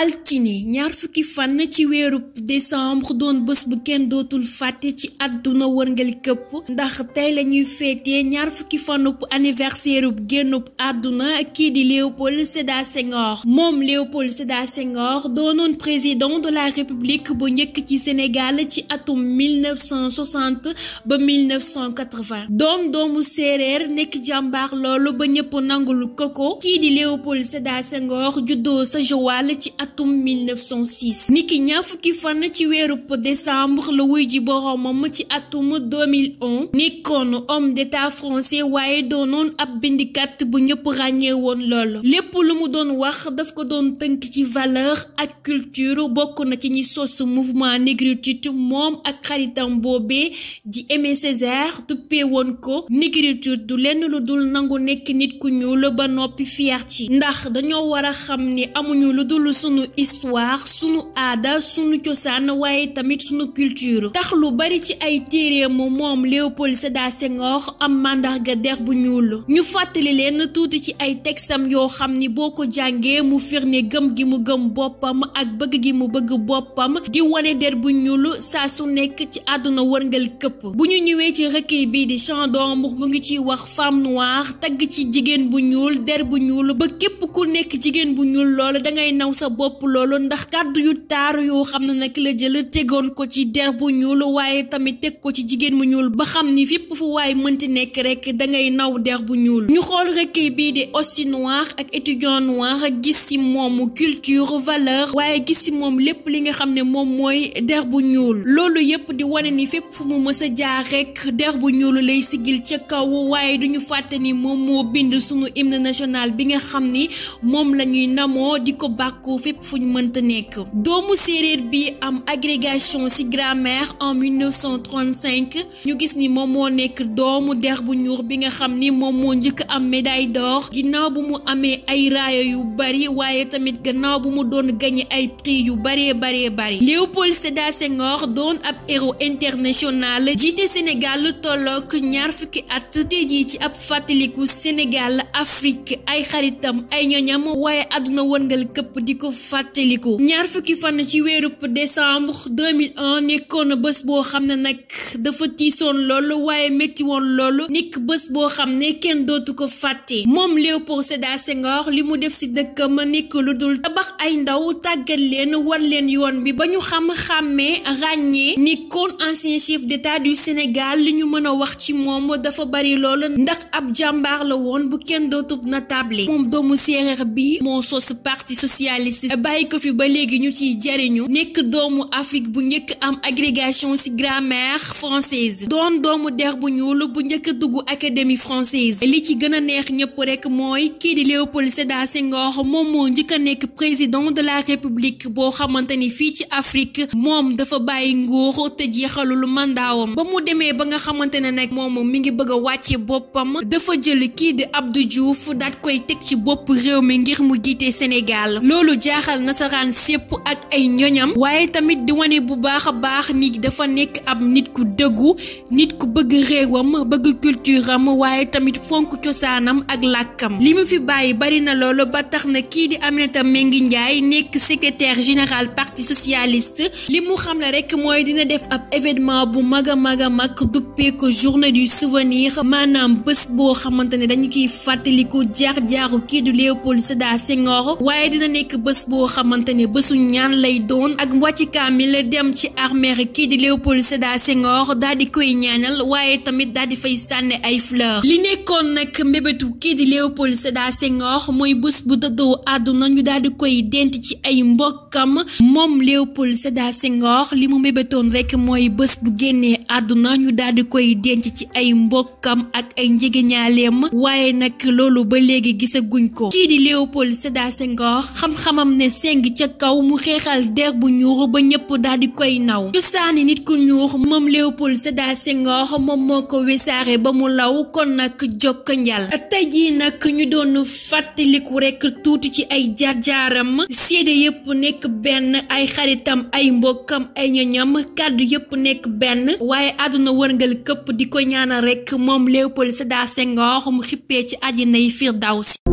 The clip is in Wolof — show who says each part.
Speaker 1: altine ñaar fukki fan ci weeru décembre doon bës bu kenn dootul fàtte ci adduna wërngal këpp ndax tey la ñuy féete ñaar fukki fanub anniversaire bu génnub àdduna kii di Léopold Sédar Senghor moom Léopold Sédar Senghor doonoon président de la république bu njëkk ci Sénégal ci atum 1960 ba 1980 doom doomu séeréer nekk jàmbaar loolu ba ñëpp nangul koko kii di Léopold Sédar Senghor juddoo sa Joal ci atum 1906 niki ñaar fukki fan ci weeru décembre la wuy ji boroomam ci atum 2001 nekkoon homme d'état français waaye doonoon ab bindikat bu ñëpp ràññee woon lool lépp lu mu doon wax daf ko doon tënk ci valeur ak culture bokk na ci ñi sos mouvement négritude moom ak xaritam boobee di Aimé Césaire duppee woon ko négritude du lenn lu dul nangu nekk nit ku ñuul ba noppi fier ci ndax dañoo war xam ni amuñu lu dul sunu sunu histoire sunu aada sunu cosaan waaye tamit sunu culture tax lu bari ci ay téereem moom Léopold Sédar Senghor am màndarga der bu ñuul ñu fàttali leen tuuti ci ay textam yoo xam ni boo ko jàngee mu firnde gëm gi mu gëm boppam ak bëgg gi mu bëgg boppam di wane der bu ñuul saa su nekk ci àdduna wërngal këpp bu ñu ñëwee ci recueil bii di Chant d'Amour mu ngi ci wax femme noire tagg ci jigéen bu ñuul der bu ñuul ba képp ku nekk jigéen bu ñuul loolu dangay ëpp loolu ndax kàddu yu taaru yoo xam ne na la jël tegoon ko ci der bu ñuul waaye tamit teg ko ci jigéen mu ñuul ba xam ni fépp fu waay mënti nekk rek dangay naw der bu ñuul ñu xool recueil bii di Aussi noir ak étudiant noir gis ci moomu culture valeur waaye gis ci moom lépp li nga xam ne moom mooy der bu ñuul loolu yépp di wane ni fépp fu mu mës a jaar rek der bu ñuul lay sigil ca kaw waaye duñu fàtte ni moom moo bind sunu hymne national bi nga xam ni moom la namoo di ko bàkku fépp fépp fu ñu mënta nekk doomu séeréer bi am agrégation ci grammaire en ñu gis ni moom moo nekk doomu dex bu ñuux bi nga xam ni moom moo njëkk am médaille d'or ginnaaw bu mu amee ay raaya yu bari waaye tamit gannaaw bu mu doon gagné ay prix yu baree baree bari Léopold Sédar Senghor doon ab héros international jiite Sénégal tollook ñaar fukki at tey jii ci ab fàttaliku Sénégal Afrique ay xaritam ay ñoñam waaye àdduna wërngal këpp di ko ko ñaar fukki fan ci weerub décembre 2001 nekkoon bés boo xam ne nag dafa tiisoon loolu waaye métti woon loolu nekk bés boo xam ne kenn dootu ko fàtte moom Léopold Sédar Senghor li mu def si ma nekk lu dul tabax ay ndaw tàggat leen wan leen yoon bi ba ñu xam xàmmee ràññee nekkoon ancien chef d'état du Sénégal li ñu mën a wax ci moom dafa bari lool ndax ab jàmbaar la woon bu kenn dootub na table moom doomu séeréer bi moo sos parti socialiste bàyyi ko fi ba léegi ñu ciy jariñu nekk doomu Afrique bu njëkk am agrégation ci grammaire française doon doomu der bu ñuul bu njëkk dugg académie française li ci gën a neex ñëpp rekk mooy kii di Léopold Sédar Senghor moom moo njëkk a nekk président de la république boo xamante ni fii ci Afrique moom dafa bàyyi nguur te jeexalul mandaawam ba mu demee ba nga xamante ne nag moom mi ngi bëgg a wàcce boppam dafa jël kii di Abdou Diouf daat koy teg ci bopp réew mi ngir mu jiite Sénégal jaaxal nasaraan sépp ak ay ñoñam waaye tamit di wane bu baax a baax ni dafa nekk ab nit ku dëggu nit ku bëgg réewam bëgg culture am waaye tamit fonk cosaanam ak làkkam li mu fi bàyyi bari na loolu ba tax na kii di Aminata Mengi Ndiaye nekk secrétaire général parti socialiste li mu xam ne rek mooy dina def ab événement bu mag a mag a mag duppee ko journée du souvenir maanaam bës boo xamante ne dañu kiy fàttaliku jaar jaaru kii du Léopold Sédar Senghor waaye boo xamante ne bésu ñaan lay doon ak wàcc kaamil dem ci armère kii di Léopold Sédar Senghor daal di koy ñaanal waaye tamit daal di fay sànni ay fleur li nekkoon nag mbébétu kii di Léopold Sédar Senghor mooy bés bu dëddoo àdduna ñu daal di koy dent ci ay mbokkam moom Léopold Sédar Senghor li mu mbébétoon rek mooy bés bu génnee àdduna ñu daal di koy denc ci ay mbokkam ak ay njëgeñaaleem waaye nag loolu ba léegi gisaguñ ko kii di Léopold Sédar Senghor xam-xamam ne seng ca kaw mu xeexal der bu ñuur ba ñëpp daal di koy naw cosaani nit ku ñuux moom Léopold Sédar Senghor moom moo ko wesaare ba mu law kon nag jokk njal te jii nag ñu doon fàttaliku rekk tuuti ci ay jaar-jaaram seede yëpp nekk benn ay xaritam ay mbokkam ay ñoñam kàddu yëpp nekk benn waaye àdduna wërngal këpp di ko ñaanal rek moom Léopold Sédar ngoox mu xippee ci àjjana yi si